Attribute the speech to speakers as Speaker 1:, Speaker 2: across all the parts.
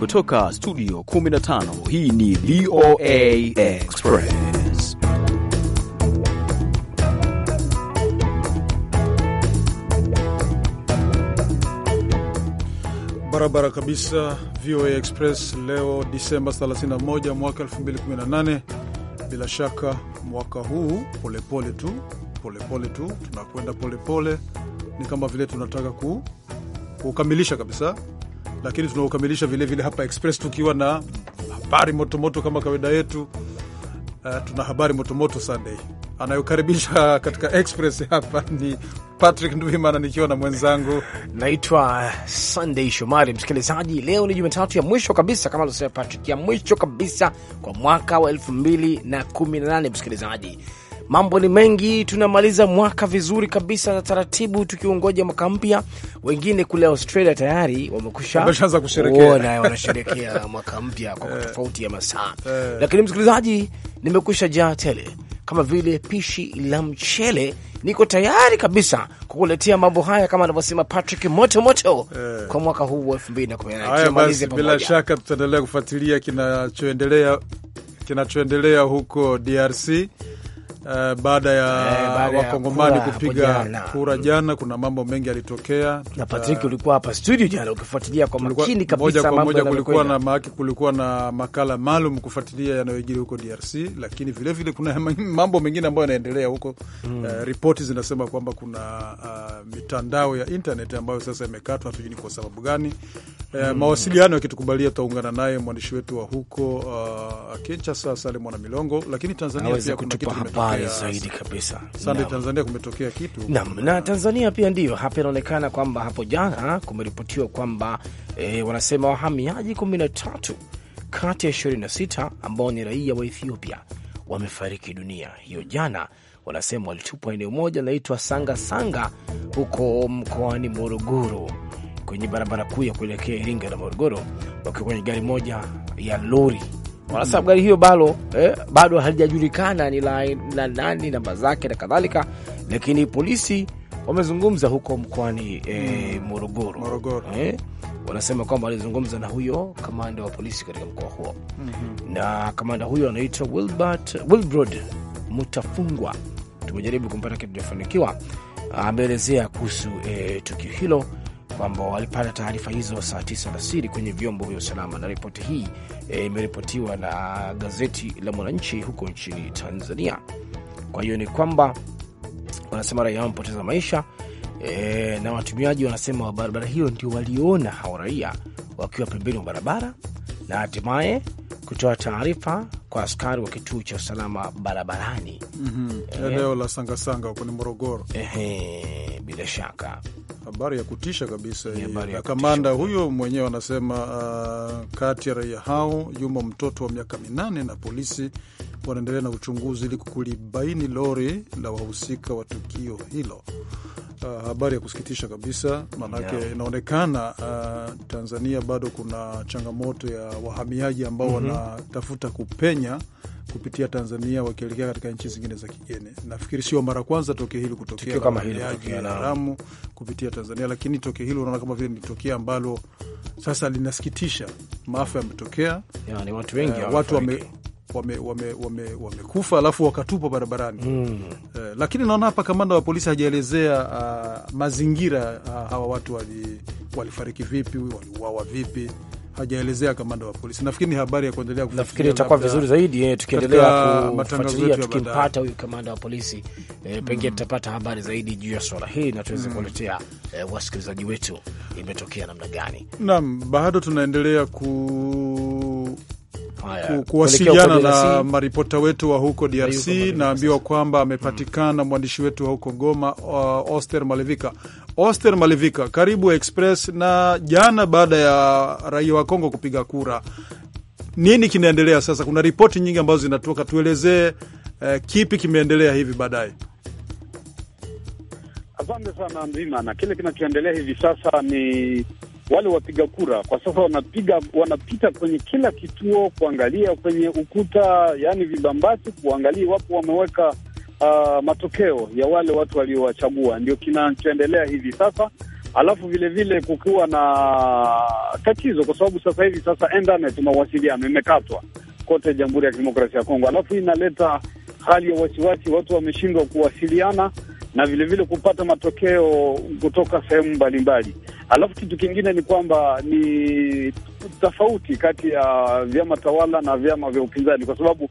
Speaker 1: Kutoka studio 15 hii ni VOA Express.
Speaker 2: Barabara kabisa, VOA Express leo Disemba 31 mwaka 2018. Bila shaka mwaka huu polepole pole tu polepole pole tu tunakwenda polepole, ni kama vile tunataka ku, kukamilisha kabisa lakini tunaukamilisha vilevile hapa Express tukiwa na habari motomoto kama kawaida yetu. Uh, tuna habari motomoto Sunday. Anayokaribisha katika Express hapa ni Patrick Ndwimana nikiwa na mwenzangu naitwa Sunday Shomari. Msikilizaji, leo ni
Speaker 1: Jumatatu ya mwisho kabisa, kama alivyosema Patrick, ya mwisho kabisa kwa mwaka wa elfu mbili na kumi na nane msikilizaji Mambo ni mengi, tunamaliza mwaka vizuri kabisa na taratibu, tukiungoja mwaka mpya. Wengine kule Australia tayari wamekushaanza kusherekea, wanasherekea mwaka mpya kwa eh. tofauti ya masaa. Eh. Lakini msikilizaji, nimekusha jaa tele kama vile pishi la mchele, niko tayari kabisa kukuletea mambo haya kama anavyosema Patrick moto moto, eh, kwa mwaka huu wa elfu mbili na kumi na nane. Bila
Speaker 2: shaka tutaendelea kufuatilia kinachoendelea kinachoendelea huko DRC Uh, baada ya eh, wakongomani kupiga kura, jana, kuna mambo mengi yalitokea. Na Patrick, ulikuwa hapa studio jana ukifuatilia kwa makini kabisa mambo moja, kulikuwa na maki, kulikuwa na makala maalum kufuatilia yanayojiri huko DRC, lakini vilevile vile kuna mambo mengine ambayo yanaendelea huko mm. Uh, ripoti zinasema kwamba kuna uh, mitandao ya internet ambayo sasa imekatwa, hatujui kwa sababu gani.
Speaker 3: Eh, hmm. Mawasiliano
Speaker 2: yakitukubalia tutaungana naye mwandishi wetu wa huko uh, Kinshasa Salim Mwana Milongo, lakini Tanzania pia kuna kitu habari zaidi kabisa. Sande, Tanzania kumetokea kitu na,
Speaker 1: na Tanzania pia ndiyo hapa inaonekana kwamba hapo jana kumeripotiwa kwamba e, wanasema wahamiaji 13 kati ya 26 ambao ni raia wa Ethiopia wamefariki dunia hiyo jana. Wanasema walitupwa eneo moja linaitwa Sanga Sanga huko mkoani Morogoro, kwenye barabara kuu ya kuelekea Iringa na Morogoro, wakiwa kwenye gari moja ya lori kwa sababu gari hiyo bado eh, bado halijajulikana ni la na nani, namba zake na kadhalika, lakini polisi wamezungumza huko mkoani eh, hmm. Morogoro, Morogoro. Eh, wanasema kwamba walizungumza na huyo kamanda wa polisi katika mkoa huo mm -hmm. na kamanda huyo anaitwa Wilbrod Mutafungwa, tumejaribu kumpata kitu tujafanikiwa. Ameelezea kuhusu eh, tukio hilo kwamba walipata taarifa hizo saa tisa alasiri kwenye vyombo vya usalama, na ripoti hii e, imeripotiwa e, na gazeti la Mwananchi huko nchini Tanzania. Kwa hiyo ni kwamba wanasema raia wamepoteza maisha e, na watumiaji wanasema wa barabara hiyo ndio waliona hao raia wakiwa pembeni wa barabara na hatimaye kutoa taarifa kwa askari wa kituo cha usalama
Speaker 2: barabarani, mm -hmm. la Sangasanga huko ni Morogoro. Ehe, bila shaka Habari ya kutisha kabisa ya kamanda huyo mwenyewe anasema, uh, kati ya raia hao yumo mtoto wa miaka minane, na polisi wanaendelea na uchunguzi ili kulibaini lori la wahusika wa tukio hilo. Uh, habari ya kusikitisha kabisa maanake, yeah. Inaonekana uh, Tanzania bado kuna changamoto ya wahamiaji ambao mhm. wanatafuta mm -hmm. kupenya kupitia Tanzania wakielekea katika nchi zingine za kigeni. Nafikiri sio mara kwanza tokeo hili kutokea, kama haramu kupitia Tanzania, lakini tokeo hili unaona kama vile ni tokeo ambalo sasa linasikitisha. Maafa yametokea, yani watu wengi uh, watu wame wamekufa wame, wame, wame alafu wakatupwa barabarani mm. Eh, lakini naona hapa kamanda wa polisi hajaelezea uh, mazingira uh, hawa watu wali, walifariki vipi, waliuawa vipi hajaelezea kamanda wa polisi. Nafikiri ni habari ya kuendelea, nafikiri itakuwa vizuri zaidi eh, tukiendelea kufuatilia, tukimpata
Speaker 1: huyu kamanda wa polisi eh, pengine hmm. tutapata habari zaidi juu ya swala hili na tuweze mm, kuletea eh, wasikilizaji wetu imetokea namna gani.
Speaker 2: Naam, bado tunaendelea ku kuwasiliana na maripota wetu wa huko DRC. Naambiwa kwamba amepatikana mm. mwandishi wetu wa huko Goma, uh, Oster Malevika. Oster Malevika, karibu Express. Na jana baada ya raia wa Kongo kupiga kura, nini kinaendelea sasa? Kuna ripoti nyingi ambazo zinatoka, tuelezee
Speaker 3: uh,
Speaker 2: kipi kimeendelea hivi baadaye.
Speaker 3: Asante sana Ndima, na kile kinachoendelea hivi sasa ni wale wapiga kura kwa sasa wanapiga, wanapita kwenye kila kituo kuangalia kwenye ukuta, yaani vibambasi, kuangalia iwapo wameweka uh, matokeo ya wale watu waliowachagua. Ndio kinachoendelea hivi sasa, alafu vilevile kukiwa na tatizo kwa sababu sasa hivi sasa internet mawasiliano imekatwa kote Jamhuri ya Kidemokrasia ya Kongo, alafu inaleta hali ya wasiwasi, watu wameshindwa kuwasiliana na vilevile vile kupata matokeo kutoka sehemu mbalimbali. Alafu kitu kingine ni kwamba ni tofauti kati ya vyama tawala na vyama vya upinzani, kwa sababu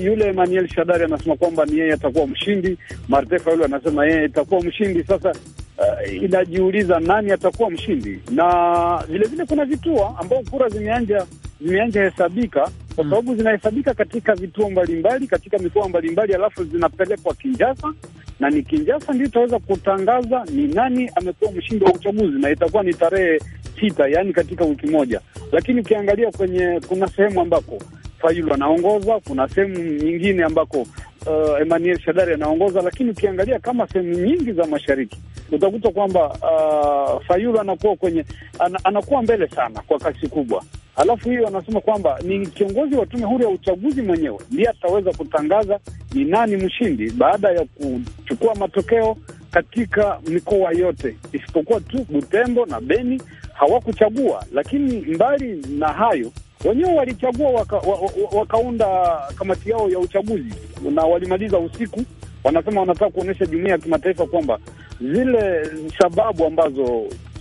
Speaker 3: yule Emmanuel Shadari anasema kwamba ni yeye atakuwa mshindi, Martefa yule anasema yeye atakuwa mshindi. Sasa uh, inajiuliza nani atakuwa mshindi, na vilevile vile kuna vituo ambao kura zimeanja zimeanja hesabika kwa sababu mm. zinahesabika katika vituo mbalimbali katika mikoa mbalimbali, alafu zinapelekwa Kinjasa na ni Kinjasa ndio itaweza kutangaza ni nani amekuwa mshindi wa uchaguzi, na itakuwa ni tarehe sita, yaani katika wiki moja. Lakini ukiangalia kwenye, kuna sehemu ambako Fayulu anaongoza, kuna sehemu nyingine ambako uh, Emmanuel Shadari anaongoza, lakini ukiangalia kama sehemu nyingi za mashariki utakuta kwamba uh, Fayulu anakuwa kwenye an, anakuwa mbele sana kwa kasi kubwa, alafu hiyo anasema kwamba ni kiongozi wa tume huru ya uchaguzi mwenyewe ndiye ataweza kutangaza ni nani mshindi baada ya kuchukua matokeo katika mikoa yote isipokuwa tu Butembo na Beni hawakuchagua. Lakini mbali na hayo wenyewe walichagua waka, wakaunda kamati yao ya uchaguzi na walimaliza usiku. Wanasema wanataka kuonyesha jumuiya ya kimataifa kwamba zile sababu ambazo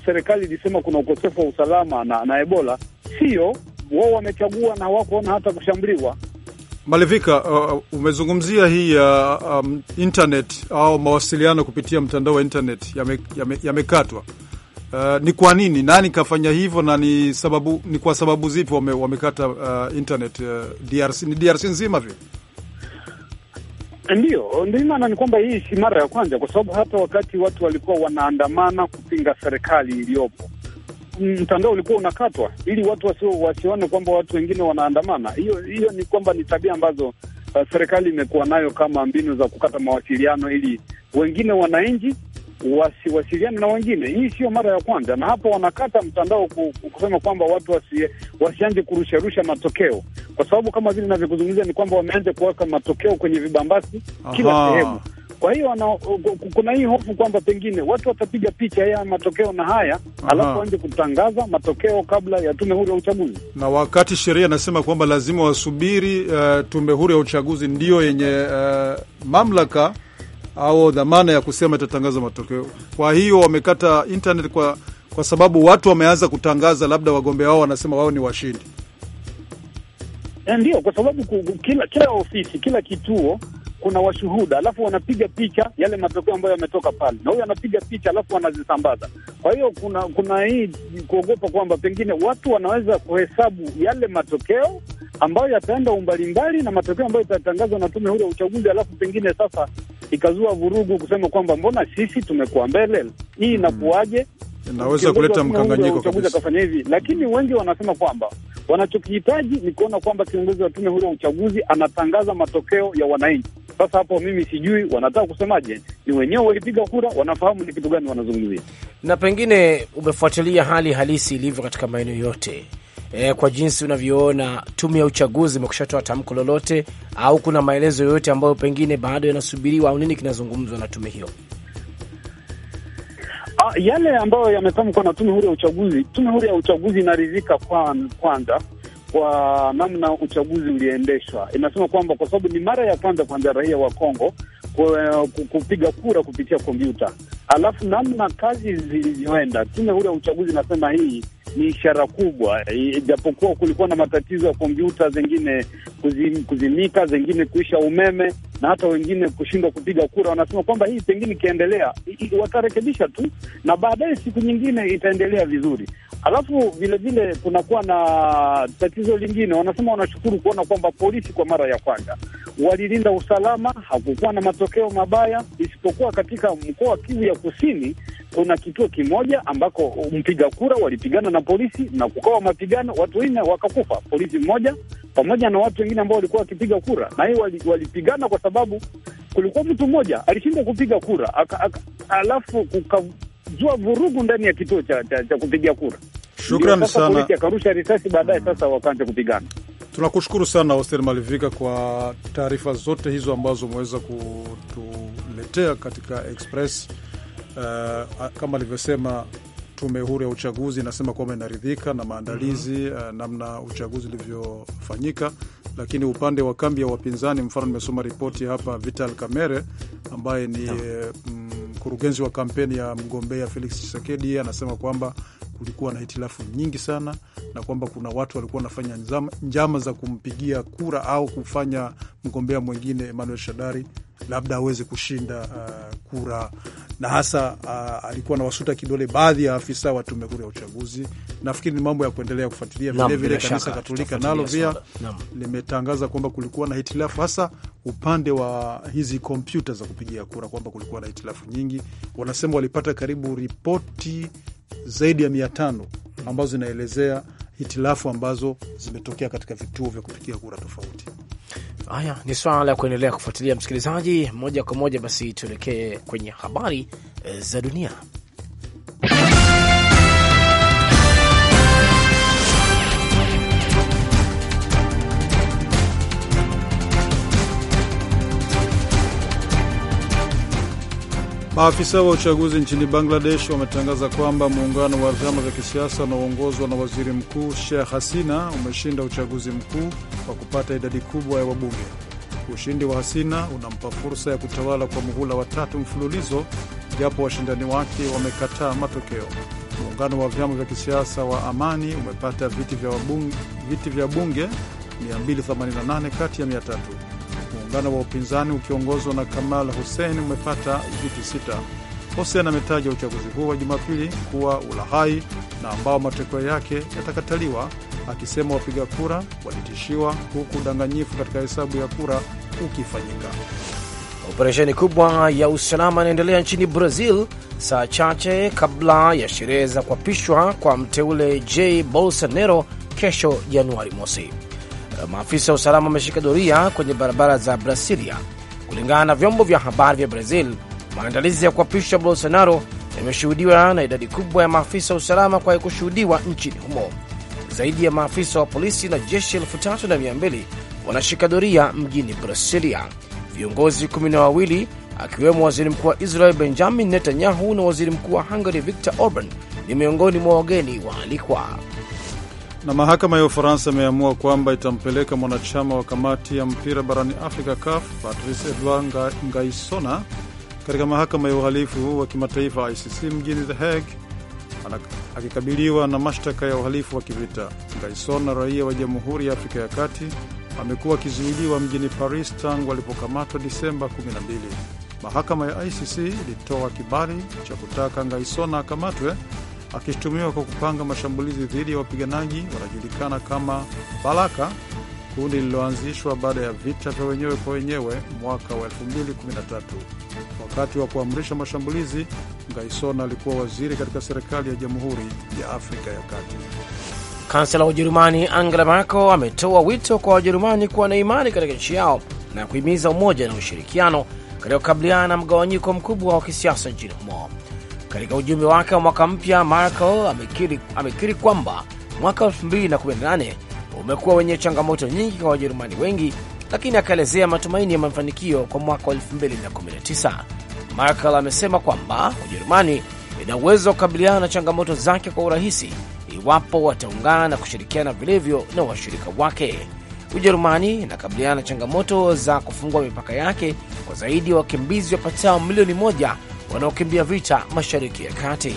Speaker 3: serikali ilisema kuna ukosefu wa usalama na, na Ebola sio wao wamechagua na hawakuona hata kushambuliwa.
Speaker 2: Malivika, uh, umezungumzia hii ya uh, um, internet au mawasiliano kupitia mtandao wa internet yamekatwa, yame, yame Uh, ni kwa nini, nani kafanya hivyo na ni sababu, ni kwa sababu zipi wame, wamekata uh, internet uh, eh, DRC, ni DRC nzima vile?
Speaker 3: Ndiyo, ndio maana ni kwamba hii si mara ya kwanza, kwa sababu hata wakati watu walikuwa wanaandamana kupinga serikali iliyopo mtandao ulikuwa unakatwa ili watu wasio, wasione kwamba watu wengine wanaandamana. Hiyo hiyo ni kwamba ni tabia ambazo uh, serikali imekuwa nayo kama mbinu za kukata mawasiliano ili wengine wananchi wasiwasiliane na wengine. Hii sio mara ya kwanza, na hapo wanakata mtandao kusema kwamba watu wasi, wasianze kurusharusha matokeo, kwa sababu kama vile navyokuzungumzia ni kwamba wameanza kuweka matokeo kwenye vibambasi kila sehemu. Kwa hiyo wana, kuna hii hofu kwamba pengine watu watapiga picha ya matokeo na haya alafu waanze kutangaza matokeo kabla ya tume huru ya uchaguzi,
Speaker 2: na wakati sheria inasema kwamba lazima wasubiri uh, tume huru ya uchaguzi ndiyo yenye uh, mamlaka au dhamana ya kusema itatangaza matokeo. Kwa hiyo wamekata internet kwa, kwa sababu watu wameanza kutangaza labda wagombea wao wanasema wao
Speaker 3: ni washindi. Eh, ndio, kwa sababu kila kila ofisi, kila kituo kuna washuhuda, alafu wanapiga picha yale matokeo ambayo yametoka pale, na huyo anapiga picha, alafu wanazisambaza. Kwa hiyo kuna kuna hii kuogopa kwamba pengine watu wanaweza kuhesabu yale matokeo ambayo yataenda umbali mbali na matokeo ambayo yatatangazwa na tume huru ya uchaguzi, alafu pengine sasa ikazua vurugu, kusema kwamba mbona sisi tumekuwa mbele, hii hmm. inakuwaje? Naweza kuleta mkanganyiko kabisa akafanya hivi, lakini wengi wanasema kwamba wanachokihitaji ni kuona kwamba kiongozi wa tume huru ya uchaguzi anatangaza matokeo ya wananchi, sasa hapo mimi sijui wanataka kusemaje, ni wenyewe walipiga kura, wanafahamu ni kitu gani wanazungumzia.
Speaker 1: Na pengine umefuatilia hali halisi ilivyo katika maeneo yote e, kwa jinsi unavyoona, tume ya uchaguzi imekushatoa tamko lolote, au kuna maelezo yoyote ambayo pengine bado yanasubiriwa au nini kinazungumzwa na tume hiyo?
Speaker 3: Ah, yale ambayo yametamkwa na tume huru ya uchaguzi, tume huru ya uchaguzi inaridhika kwanza kwa namna uchaguzi uliendeshwa. Inasema kwamba kwa sababu ni mara ya kwanza kwanza raia wa Kongo kupiga kura kupitia kompyuta, alafu namna kazi zilivyoenda, tume huru ya uchaguzi inasema hii ni ishara kubwa, ijapokuwa kulikuwa na matatizo ya kompyuta zengine kuzim, kuzimika, zengine kuisha umeme na hata wengine kushindwa kupiga kura. Wanasema kwamba hii pengine ikiendelea watarekebisha tu, na baadaye siku nyingine itaendelea vizuri. Alafu vilevile kunakuwa na tatizo lingine, wanasema wanashukuru kuona kwamba polisi kwa mara ya kwanza walilinda usalama, hakukuwa na matokeo mabaya, isipokuwa katika mkoa wa Kivu ya Kusini kuna kituo kimoja ambako mpiga kura walipigana na polisi na kukawa mapigano, watu wengine wakakufa, polisi mmoja pamoja na watu wengine ambao walikuwa wakipiga kura, na hiyo walipigana kwa sababu kulikuwa mtu mmoja alishindwa kupiga kura aka, aka, alafu kukazua vurugu ndani ya kituo cha, cha, cha kupiga kura. Shukrani sana. akarusha risasi baadaye, Hmm, Sasa wakaanza kupigana.
Speaker 2: Tunakushukuru sana Oster Malivika kwa taarifa zote hizo ambazo umeweza kutuletea katika Express. Uh, kama alivyosema tume huru ya uchaguzi inasema kwamba inaridhika na maandalizi mm -hmm. uh, namna uchaguzi ulivyofanyika, lakini upande wa kambi ya wapinzani, mfano nimesoma ripoti hapa, Vital Kamerhe ambaye ni mm, mkurugenzi mm, wa kampeni ya mgombea Felix Tshisekedi anasema kwamba kulikuwa na hitilafu nyingi sana na kwamba kuna watu walikuwa wanafanya njama za kumpigia kura au kufanya mgombea mwingine Emmanuel Shadari labda aweze kushinda uh, kura na hasa uh, alikuwa wasuta kidole baadhi ya afisa wa tume huru ya uchaguzi. Nafikiri ni mambo ya kuendelea kufuatilia. Vilevile kanisa Katolika nalo pia limetangaza kwamba kulikuwa na hitilafu hasa upande wa hizi kompyuta za kupigia kura, kwamba kulikuwa na hitilafu nyingi. Wanasema walipata karibu ripoti zaidi ya mia tano ambazo zinaelezea hitilafu ambazo zimetokea katika vituo vya kupigia kura tofauti. Haya ni swala la kuendelea
Speaker 1: kufuatilia, msikilizaji. Moja kwa moja basi tuelekee kwenye habari eh, za dunia.
Speaker 2: Maafisa wa uchaguzi nchini Bangladesh wametangaza kwamba muungano wa vyama vya kisiasa unaoongozwa na waziri mkuu Sheikh Hasina umeshinda uchaguzi mkuu kwa kupata idadi kubwa ya wabunge. Ushindi wa Hasina unampa fursa ya kutawala kwa muhula wa tatu mfululizo, japo washindani wake wamekataa matokeo. Muungano wa vyama vya kisiasa wa Amani umepata viti vya bunge 288 kati ya 300. Muungano wa upinzani ukiongozwa na Kamal Hussein umepata viti sita. Hussein ametaja uchaguzi huo wa Jumapili kuwa ulahai na ambao matokeo yake yatakataliwa, akisema wapiga kura walitishiwa, huku udanganyifu katika hesabu ya kura ukifanyika.
Speaker 1: Operesheni kubwa ya usalama inaendelea nchini Brazil saa chache kabla ya sherehe za kuapishwa kwa mteule j Bolsonaro kesho Januari mosi. Eh, maafisa wa usalama wameshika doria kwenye barabara za Brasilia. Kulingana na vyombo vya habari vya Brazil, maandalizi ya kuapishwa Bolsonaro yameshuhudiwa na idadi kubwa ya maafisa wa usalama kwa kushuhudiwa nchini humo. Zaidi ya maafisa wa polisi na jeshi elfu tatu na mia mbili wanashika doria mjini Brasilia. Viongozi kumi na wawili akiwemo waziri mkuu wa Israel Benjamin Netanyahu na waziri mkuu
Speaker 2: wa Hungary Viktor Orban ni miongoni mwa wageni waalikwa. Na mahakama ya Ufaransa imeamua kwamba itampeleka mwanachama wa kamati ya mpira barani Afrika, CAF, Patrice Edouard Ngaisona katika mahakama ya uhalifu wa kimataifa ICC mjini The Hague akikabiliwa na mashtaka ya uhalifu wa kivita. Ngaisona, raia wa Jamhuri ya Afrika ya Kati, amekuwa akizuiliwa mjini Paris tangu alipokamatwa Disemba 12. Mahakama ya ICC ilitoa kibali cha kutaka Ngaisona akamatwe akishutumiwa kwa kupanga mashambulizi dhidi ya wapiganaji wanajulikana kama Balaka, kundi lililoanzishwa baada ya vita vya wenyewe kwa wenyewe mwaka wa 2013. Wakati wa kuamrisha mashambulizi, Gaison alikuwa waziri katika serikali ya Jamhuri ya Afrika ya Kati.
Speaker 1: Kansela wa Ujerumani Angela Merkel ametoa wito kwa Wajerumani kuwa na imani katika nchi yao na kuhimiza umoja na ushirikiano katika kukabiliana na mgawanyiko mkubwa wa kisiasa nchini humo. Katika ujumbe wake wa mwaka mpya, Merkel amekiri, amekiri kwamba mwaka 2018 umekuwa wenye changamoto nyingi kwa Wajerumani wengi, lakini akaelezea matumaini ya mafanikio kwa mwaka 219 2019. Merkel amesema kwamba Ujerumani ina uwezo wa kukabiliana na changamoto zake kwa urahisi iwapo wataungana na kushirikiana vilivyo na washirika wake. Ujerumani inakabiliana na changamoto za kufungua mipaka yake kwa zaidi ya wa wakimbizi wapatao milioni moja wanaokimbia vita mashariki ya kati.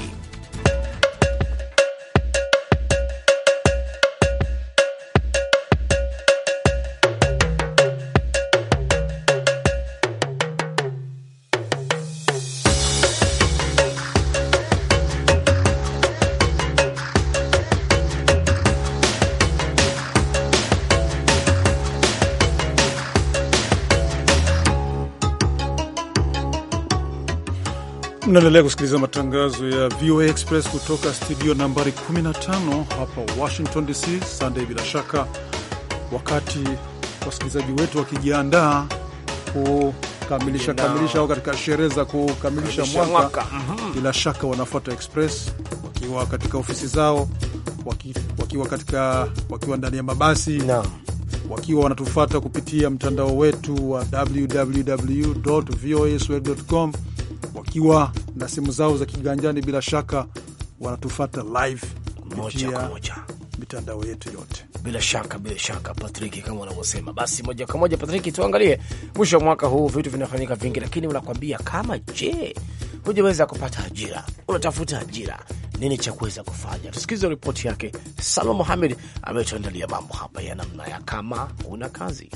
Speaker 2: Mnaendelea kusikiliza matangazo ya VOA Express kutoka studio nambari 15 hapa Washington DC. Sunday, bila shaka, wakati wasikilizaji wetu wakijiandaa kukamilisha kamilisha au katika sherehe za kukamilisha mwaka, mhm. bila shaka wanafuata Express wakiwa katika ofisi zao, wakiwa katika wakiwa ndani ya mabasi no wakiwa wanatufata kupitia mtandao wetu wa www voa wakiwa na simu zao za kiganjani, bila shaka wanatufata live moja moja mitandao yetu yote,
Speaker 1: bila shaka, bila shaka Patriki, kama unavyosema. Basi moja kwa moja Patriki, tuangalie mwisho wa mwaka huu, vitu vinafanyika vingi, lakini unakwambia kama je, hujaweza kupata ajira, unatafuta ajira, nini cha kuweza kufanya? Tusikize ripoti yake Salma Muhamed ametuandalia
Speaker 4: mambo hapa ya namna ya kama una kazi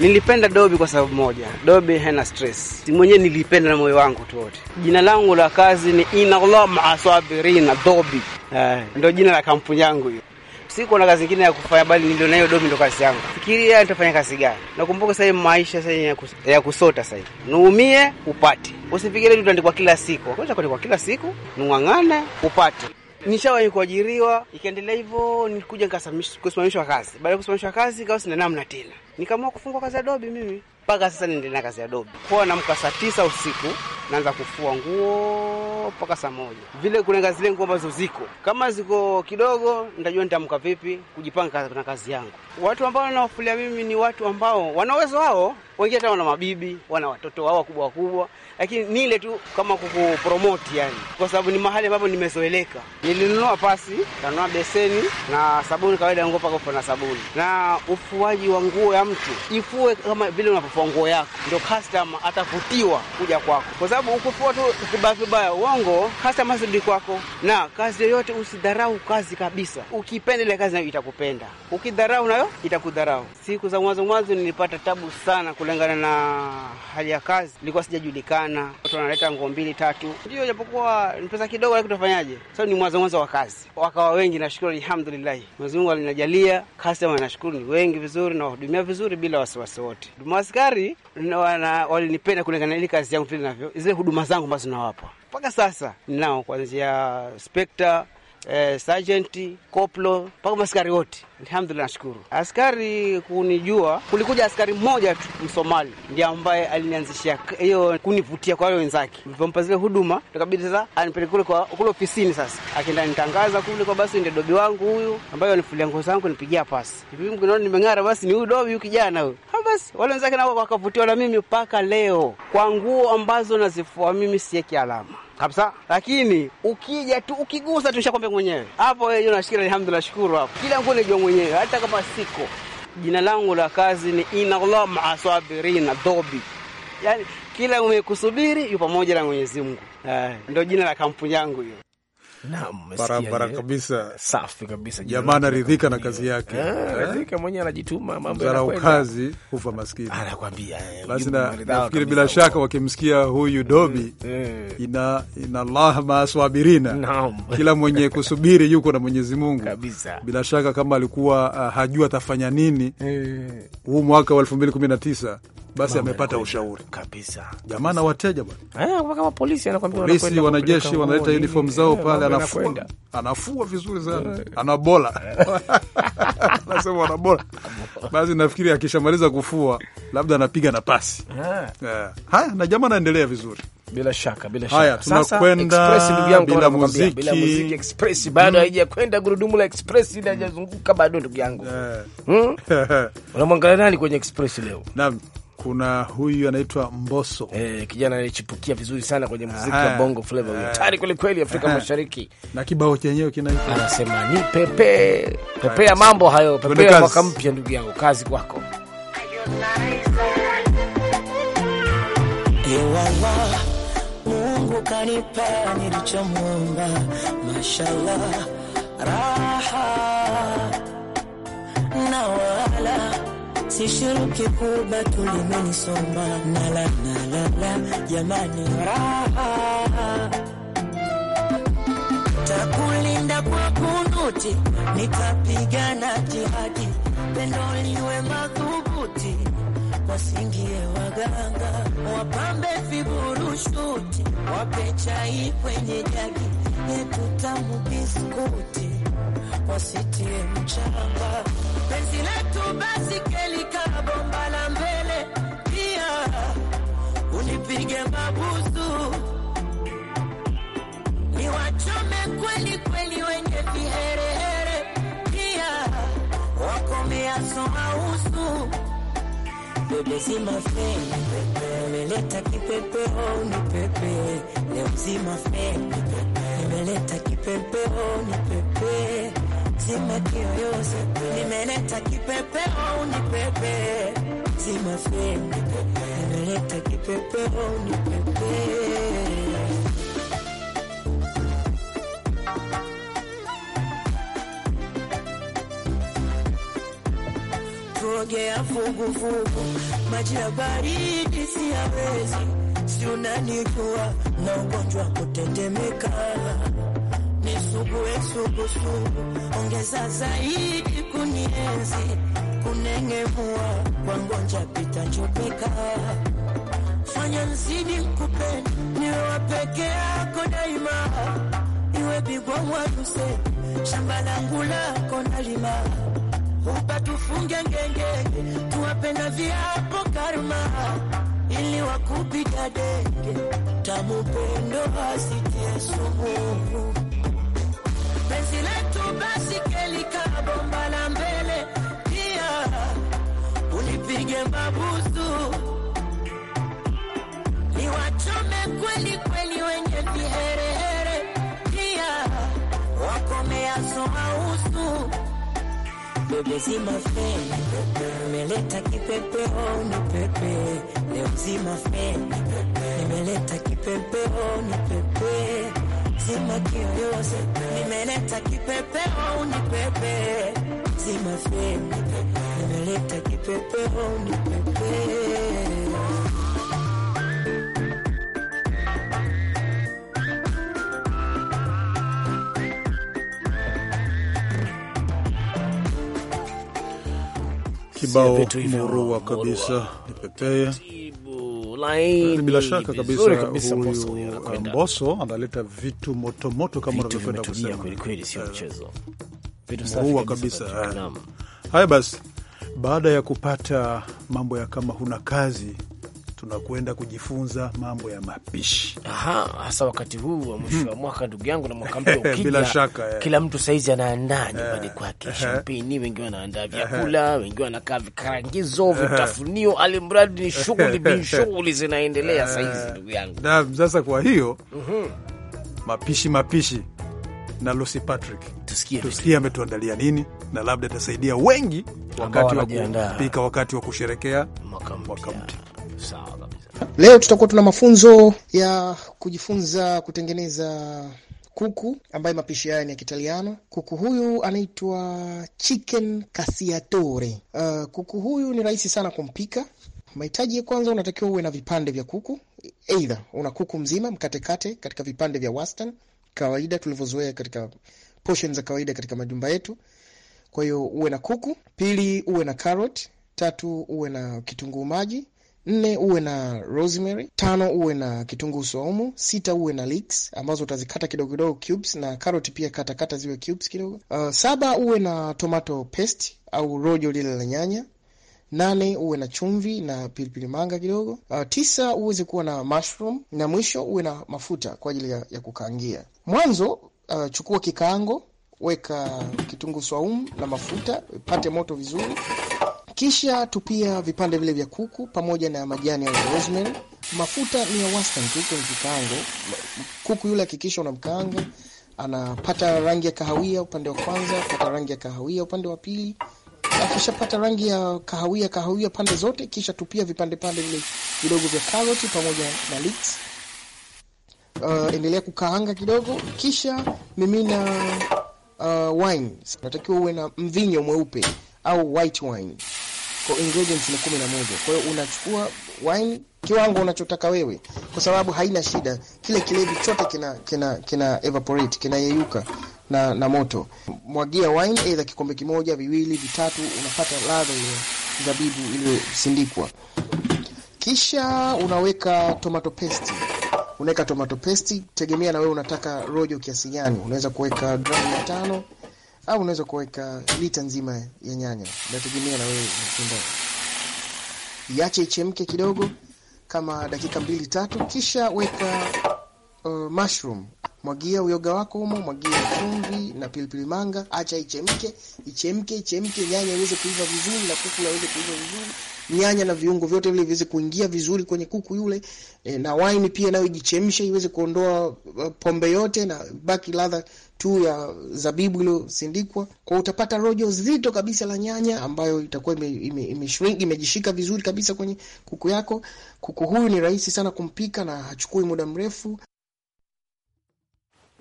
Speaker 4: Nilipenda Dobi kwa sababu moja, Dobi hana stress. Mwenyewe nilipenda na moyo wangu tu wote. Jina langu la kazi ni ina Allah maasabirina Dobi. Eh, ndio jina la kampuni yangu hiyo. Siko na kazi nyingine ya kufanya, bali nilio nayo Dobi ndio kazi yangu. Fikiria nitafanya kazi gani? Nakumbuka sasa maisha sasa ya, kus ya kusota sasa hivi. Nuumie upate. Usifikirie tu utaandikwa kila siku. Kwanza kwa kila siku, nung'ang'ana upate. Nishawahi kuajiriwa, ikaendelea hivyo, nilikuja nikasimamishwa kazi. Baada ya kusimamishwa kazi, kawa sina namna tena nikaamua kufungua kazi ya dobi mimi, mpaka sasa niendelea na kazi ya dobi. Kwa namka saa tisa usiku naanza kufua nguo mpaka saa moja vile. Kulenga zile nguo ambazo ziko kama ziko kidogo, nitajua nitamka vipi kujipanga na kazi yangu. Watu ambao nawafulia mimi ni watu ambao wana uwezo wao wengine hata wana mabibi, wana watoto wao wakubwa wakubwa, lakini ni ile tu kama kukupromoti yani, kwa sababu ni mahali ambapo nimezoeleka. Nilinunua pasi, kanunua beseni na sabuni kawaida, nguo paka ufa na sabuni. Na ufuaji wa nguo ya mtu, ifue kama vile unapofua nguo yako, ndio kastama atavutiwa kuja kwako, kwa sababu ukufua tu vibaya vibaya, uongo, kastama asirudi kwako. Na kazi yoyote usidharau kazi kabisa, ukipenda ile kazi nayo itakupenda, ukidharau nayo itakudharau. Siku za mwanzo mwanzo nilipata tabu sana kule kulingana na hali ya kazi nilikuwa sijajulikana, watu wanaleta nguo mbili tatu, ndio japokuwa ni pesa kidogo, lakini tutafanyaje? Sasa ni mwanzo mwanzo wa kazi, wakawa wengi. Nashukuru alhamdulillahi, Mwenyezi Mungu alinajalia kastoma, nashukuru ni wengi vizuri, nawahudumia vizuri bila wasiwasi wote. Huduma askari walinipenda kulingana ile kazi yangu vile navyo, zile huduma zangu ambazo nawapa mpaka sasa, ninao kuanzia spekta eh, sergeant, koplo mpaka maskari wote. Alhamdulillah, nashukuru askari kunijua. Kulikuja askari mmoja tu Msomali ndiye ambaye alinianzishia hiyo kunivutia kwa wale wenzake. Nilipompa zile huduma, tukabidi sasa anipeleke kule kwa kule ofisini. Sasa akienda nitangaza kule kwa basi, ndio dobi wangu huyu ambaye alifulia nguo zangu nipigia pasi hivi, naona nimeng'ara, basi ni huyu dobi huyu kijana huyu. Basi wale wenzake nao wakavutiwa na mimi mpaka leo, kwa nguo ambazo nazifua mimi sieki alama kabisa, lakini ukija tu ukigusa shakwambia mwenyewe hapo, yeye unashikia alhamdulillah, shukuru hapo, kila nguo najua mwenyewe, hata kama siko. Jina langu la kazi ni inallah maasabirina dhobi, yani kila umekusubiri yu pamoja na Mwenyezi Mungu. Eh, ndio jina la kampuni yangu hiyo
Speaker 2: barabara kabisa, safi kabisa. Jamaa anaridhika na kazi yake, ah, eh?
Speaker 1: anaridhika
Speaker 4: mwenyewe, anajituma.
Speaker 1: Mambo ya kazi
Speaker 2: hufa maskini, anakwambia. Eh, Basi nafikiri bila shaka wakimsikia huyu Dobi, eh, ina ina Allah maaswabirina, kila mwenye kusubiri yuko na Mwenyezi Mungu kabisa. Bila shaka kama alikuwa ah, hajua atafanya nini huu mwaka wa 2019 basi amepata ushauri kabisa jamaa na wateja bwana.
Speaker 1: Eh, polisi, polisi wanajeshi wanaleta uniform zao eh, pale, anafua anafua vizuri sana,
Speaker 2: eh. anabola anasema anabola. Basi nafikiri akishamaliza kufua labda anapiga na pasi Haya, na jamaa anaendelea vizuri bila shaka, bila shaka. Haya, tunakwenda bila muziki, bila muziki express bado hmm. haija
Speaker 1: kwenda Gurudumu la express linajazunguka bado, ndugu yangu yeah. mm? unamwangalia nani kwenye express leo? Naam kuna huyu anaitwa mboso eh, kijana anaechipukia vizuri sana kwenye muziki wa bongo flava, hatari eh. kweli kweli Afrika Mashariki,
Speaker 2: na kibao chenyewe kinaitwa anasema ni pepe pepe ya mambo hayo, pepe ya mwaka
Speaker 1: mpya. Ndugu yangu, kazi kwako.
Speaker 5: Ewala, Mungu kanipa nilichomwomba, mashallah raha na wala sishuruki kubatu limenisomba nala la jamani, raha takulinda kwa kunuti, nitapigana jihadi, pendo liwe madhubuti, wasingie waganga, wapambe viburushuti, wape chai kwenye jagi yetu tamu, biskuti wasitie mchanga, penzi letu basi nipige mabusu niwachome kweli kweli, wenye viherehere pia wakomeasoma usu bebezimafe nimeleta kipepeo oh, nipepe leuzimafe nimeleta kipepeo oh, nipepe zima kiyoyoze nimeleta kipepeo oh, nipepe zima fe Leta kipepeo nipepee. Tuogea vuguvugu, maji ya baridi siyawezi, si unanijua na ugonjwa kutetemeka, nisugue ongeza zaidi kunienzi, kunengemua kwa ngonja pita chupika kunifanya nzidi kupenda, niwe wa peke yako daima, iwe bigwangwa tuseme, shamba langu lako nalima, upa tufunge ngenge, tuwapenda viapo karma, ili wakupiga denge, tamupendo asitie sumu, penzi letu basi kelika bomba la mbele, pia ulipige mabusu ni wachome wenye viherehere pia wakomeasoma usu bebezimafe nimeleta kipepeo oh, oh, ni pepe zima kiyoyoze nimeleta kipepeo oh, ni pepe zimafe nimeleta kipepeo ni pepe
Speaker 2: kibao murua kabisa pepee
Speaker 1: bila shaka kabisa, kabisa huyu
Speaker 2: Mboso eh, analeta vitu motomoto kama unavyopenda kusema eh, murua kabisa. Eh. Haya basi, baada ya kupata mambo ya kama huna kazi tunakwenda kujifunza mambo ya
Speaker 4: mapishi,
Speaker 1: hasa wakati huu wa mwisho wa hmm. mwaka, ndugu yangu, na mwaka mpya ukija, bila shaka yeah. Kila mtu saizi anaandaa nyumbani eh. kwake shampeni, eh. wengine wanaandaa eh. vyakula, wengine wanakaa vikarangizo, vitafunio, alimradi ni shughuli bin shughuli zinaendelea saizi, ndugu yangu.
Speaker 2: Na sasa kwa hiyo mhm. mapishi mapishi na Lucy Patrick tusikie ametuandalia nini, na labda itasaidia wengi wakati wa kupika, wakati wa kusherekea mwaka mpya. Sawa
Speaker 6: kabisa. Leo tutakuwa tuna mafunzo ya kujifunza kutengeneza kuku ambaye mapishi haya ni ya Kitaliano. Kuku huyu anaitwa chicken cacciatore. Uh, kuku huyu ni rahisi sana kumpika. Mahitaji ya kwanza, unatakiwa uwe na vipande vya kuku, eidha una kuku mzima mkatekate katika vipande vya wastani kawaida tulivyozoea katika portion za kawaida katika majumba yetu. Kwa hiyo uwe na kuku. Pili, uwe na carrot. Tatu, uwe na kitunguu maji nne uwe na rosemary, tano uwe na kitunguu saumu, sita uwe na leeks ambazo utazikata kidogo kidogo cubes, na karoti pia katakata kata ziwe cubes kidogo. Uh, saba uwe na tomato paste au rojo lile la nyanya nane uwe na chumvi na pilipili manga kidogo. Uh, tisa uweze kuwa na mushroom, na mwisho uwe na mafuta kwa ajili ya, ya kukaangia. Mwanzo uh, chukua kikaango, weka kitunguu swaumu na mafuta, pate moto vizuri, kisha tupia vipande vile vya kuku pamoja na majani ya rosemary. Mafuta ni ya wastani tu kwenye kikaango. Kuku yule hakikisha unamkaanga, anapata rangi ya kahawia upande wa kwanza, pata rangi ya kahawia upande wa pili, akishapata rangi ya kahawia kahawia pande zote, kisha tupia vipande pande vile vidogo vya karoti pamoja na leeks. Uh, endelea kukaanga kidogo, kisha mimina uh, wine. Natakiwa uwe na mvinyo mweupe au white wine kwa ingredients ni 11. Kwa hiyo unachukua wine kiwango unachotaka wewe, kwa sababu haina shida, kile kilevi chote kina kina kina evaporate kinayeyuka na na moto. Mwagia wine aidha kikombe kimoja, viwili, vitatu, unapata ladha ile zabibu iliyosindikwa. Kisha unaweka tomato paste unaweka tomato paste, tegemea na wewe unataka rojo kiasi gani. Unaweza kuweka gramu mia tano au unaweza kuweka lita nzima ya nyanya, nategemea na wewe unapenda. Iache ichemke kidogo kama dakika mbili tatu, kisha weka uh, mushroom, mwagia uyoga wako humo, mwagia chumvi na pilipili manga, acha ichemke ichemke ichemke, nyanya iweze kuiva vizuri na kuku iweze kuiva vizuri, nyanya na viungo vyote vile viweze kuingia vizuri kwenye kuku yule e, na wine pia nayo ijichemshe iweze kuondoa uh, pombe yote na baki ladha tu ya zabibu iliyosindikwa, kwa utapata rojo zito kabisa la nyanya ambayo itakuwa imeshrink imejishika vizuri kabisa kwenye kuku yako. Kuku huyu ni rahisi sana kumpika na hachukui muda mrefu.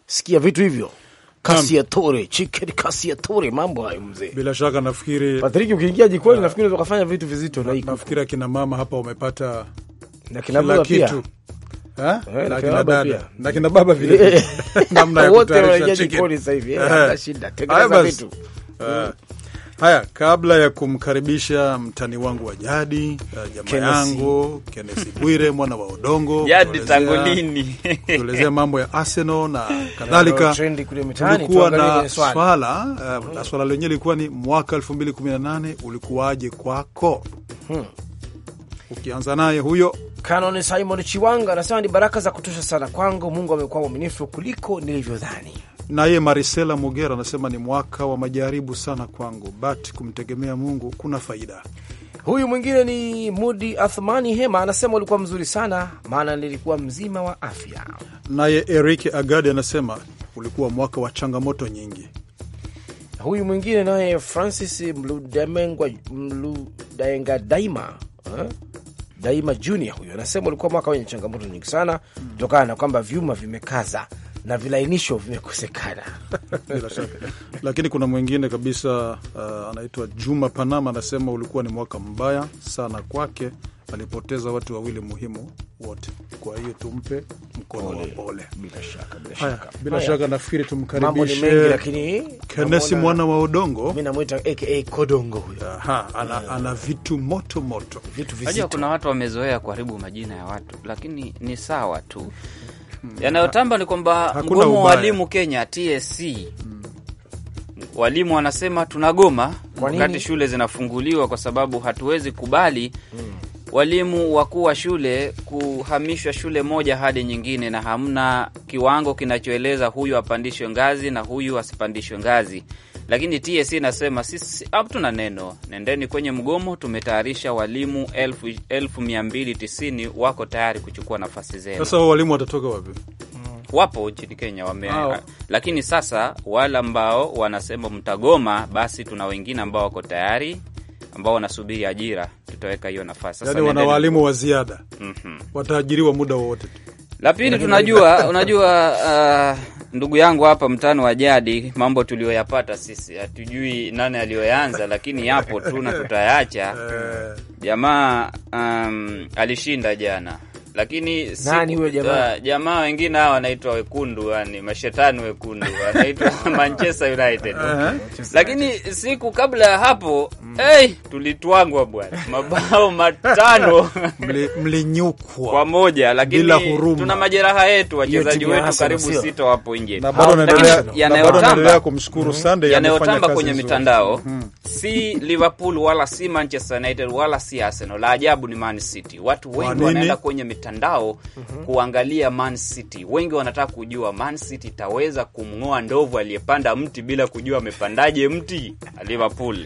Speaker 1: Sikia vitu hivyo kasi ya tore chicken, kasi
Speaker 2: ya tore, mambo hayo mzee. Bila shaka nafikiri Patrick, ukiingia jikoni ah. nafikiri unaweza kufanya vitu vizito na, na, nafikiri akina mama hapa wamepata na kila kitu pia. Eh, na kina baba vile, namna ya kutayarisha chicken sasa hivi eh, eh. tengeneza vitu hmm. haya. Kabla ya kumkaribisha mtani wangu wa jadi, jamaa yangu Kenneth Bwire mwana wa Odongo, jadi tuelezea mambo ya Arsenal na kadhalika. Kulikuwa na swala na hmm. swala lenyewe lilikuwa ni mwaka 2018 ulikuwaje kwako? Hmm ukianza naye huyo Canon Simon Chiwanga anasema ni baraka za kutosha sana kwangu. Mungu amekuwa mwaminifu kuliko nilivyodhani. Naye Marisela Mogera anasema ni mwaka wa majaribu sana kwangu, but kumtegemea Mungu kuna faida. Huyu mwingine
Speaker 1: ni Mudi Athmani Hema anasema ulikuwa mzuri sana, maana nilikuwa mzima wa afya.
Speaker 2: Naye Eric Agadi anasema ulikuwa mwaka wa changamoto nyingi. Huyu mwingine naye Francis Mludaenga Daima
Speaker 1: eh? Daima Junior huyo anasema ulikuwa mwaka wenye changamoto nyingi sana kutokana na kwamba vyuma vimekaza na vilainisho vimekosekana.
Speaker 2: Lakini kuna mwingine kabisa, uh, anaitwa Juma Panama anasema ulikuwa ni mwaka mbaya sana kwake alipoteza watu wawili muhimu wote. Kwa hiyo tumpe mkono wa pole. Bila shaka, bila shaka, bila shaka nafikiri tumkaribishe Kenesi mwana wa Odongo, mimi namuita aka Kodongo huyo. Aha, ana, eh. ana vitu moto moto,
Speaker 7: vitu vizito. Kuna watu wamezoea kuharibu majina ya watu, lakini ni sawa tu. Hmm. Yanayotamba ni kwamba mgomo wa walimu Kenya TSC walimu wanasema tunagoma wakati shule zinafunguliwa kwa sababu hatuwezi kubali hmm walimu wakuu wa shule kuhamishwa shule moja hadi nyingine, na hamna kiwango kinachoeleza huyu apandishwe ngazi na huyu asipandishwe ngazi. Lakini TSC e inasema sisi hatuna neno, nendeni kwenye mgomo. Tumetayarisha walimu elfu, elfu mia mbili tisini wako tayari kuchukua nafasi zenu. Sasa
Speaker 2: walimu watatoka wapi?
Speaker 7: Wapo nchini Kenya wame Lakini sasa wale ambao wanasema mtagoma, basi tuna wengine ambao wako tayari ambao wanasubiri ajira, tutaweka hiyo nafasi sasa. Yani wana walimu
Speaker 2: wa ziada mm -hmm. wataajiriwa muda wowote tu.
Speaker 7: La pili tunajua, unajua uh, ndugu yangu hapa, mtano wa jadi, mambo tuliyoyapata sisi hatujui nani aliyoyaanza, lakini yapo tu na tutayaacha. Eh. Jamaa um, alishinda jana lakini nani huyo jamaa? jamaa wengine hawa wanaitwa wekundu, yani mashetani wekundu wanaitwa Manchester United uh -huh. Lakini siku kabla ya hapo mm. hey, tulitwangwa bwana mabao matano mlinyukwa kwa moja, lakini tuna majeraha yetu, wachezaji wetu karibu sita wapo nje, yanayotamba mhm. kwenye mitandao mhm. si Liverpool wala si Manchester United wala si Arsenal. La ajabu ni Man City, watu wengi wanaenda kwenye mitandao mitandao mm -hmm. kuangalia Man City. Wengi wanataka kujua Man City itaweza kumng'oa ndovu aliyepanda mti bila kujua amepandaje mti Liverpool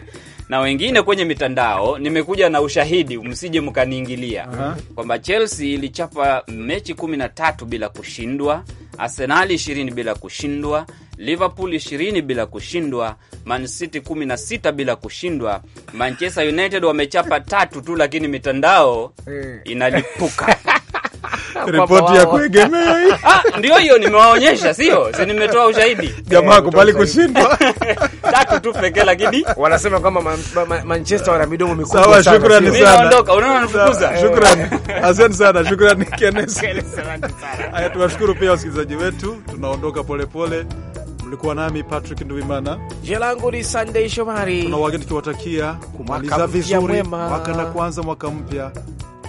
Speaker 7: na wengine kwenye mitandao, nimekuja na ushahidi, msije mkaniingilia, uh -huh. kwamba Chelsea ilichapa mechi 13 bila kushindwa, Arsenal 20 bila kushindwa, Liverpool 20 bila kushindwa, Man City kumi bila kushindwa. Manchester United wamechapa tatu tu, lakini mitandao eh. inalipuka ripoti ya kuegemea hii. ah, ndio hiyo nimewaonyesha, sio si nimetoa ushahidi jamaa eh, kubali kushindwa
Speaker 1: tatu tu pekee, lakini wanasema kama ma, ma, ma, Manchester wana midomo mikubwa sana. Sawa, shukrani sana, naondoka,
Speaker 7: unaona nifukuza. Shukrani,
Speaker 2: asante sana, shukrani Kenneth. Haya, tuwashukuru pia wasikilizaji wetu, tunaondoka polepole. Mlikuwa nami Patrick Nduimana, jina langu ni Sunday Shomari. Tunawageni tuwatakia kumaliza vizuri mwaka na kuanza mwaka mpya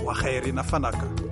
Speaker 2: wa kheri na fanaka.